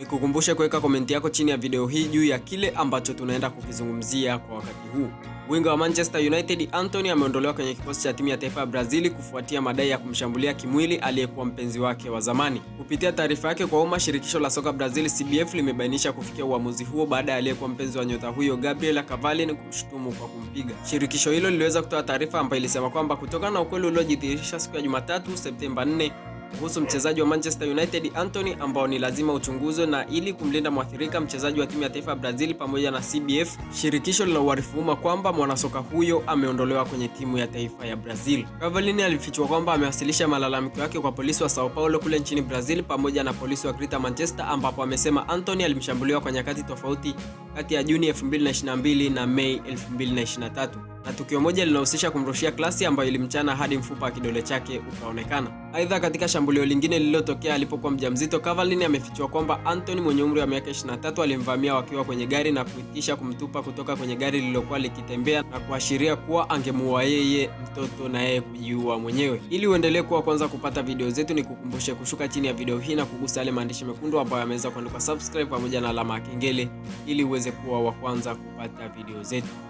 Nikukumbushe kuweka komenti yako chini ya video hii juu ya kile ambacho tunaenda kukizungumzia kwa wakati huu. Winga wa Manchester United Antony ameondolewa kwenye kikosi cha timu ya taifa ya Brazili kufuatia madai ya kumshambulia kimwili aliyekuwa mpenzi wake wa zamani. Kupitia taarifa yake kwa umma, shirikisho la soka Brazil CBF limebainisha kufikia uamuzi huo baada ya aliyekuwa mpenzi wa nyota huyo Gabriela Cavalli kumshutumu kwa kumpiga. Shirikisho hilo liliweza kutoa taarifa ambayo ilisema kwamba kutokana na ukweli uliojidhihirisha siku ya Jumatatu Septemba 4 kuhusu mchezaji wa Manchester United Anthony ambao ni lazima uchunguzwe na ili kumlinda mwathirika mchezaji wa timu ya taifa ya Brazil pamoja na CBF, shirikisho linauarifu umma kwamba mwanasoka huyo ameondolewa kwenye timu ya taifa ya Brazil. Cavallini alifichwa kwamba amewasilisha malalamiko yake kwa polisi wa Sao Paulo kule nchini Brazil pamoja na polisi wa Greater Manchester, ambapo amesema Anthony alimshambuliwa kwa nyakati tofauti kati ya Juni 2022 na Mei 2023 na tukio moja lilohusisha kumrushia klasi ambayo ilimchana hadi mfupa wa kidole chake ukaonekana. Aidha, katika shambulio lingine lililotokea alipokuwa mjamzito, Caroline amefichua kwamba Anthony mwenye umri wa miaka 23 alimvamia wakiwa kwenye gari na kuitisha kumtupa kutoka kwenye gari lililokuwa likitembea na kuashiria kuwa angemuua yeye mtoto na yeye kujiua mwenyewe. Ili uendelee kuwa kwanza kupata video zetu, ni kukumbushe kushuka chini ya video hii na kugusa yale maandishi mekundu ambayo yameweza kuandikwa subscribe pamoja na alama ya kengele ili uweze kuwa wa kwanza kupata video zetu.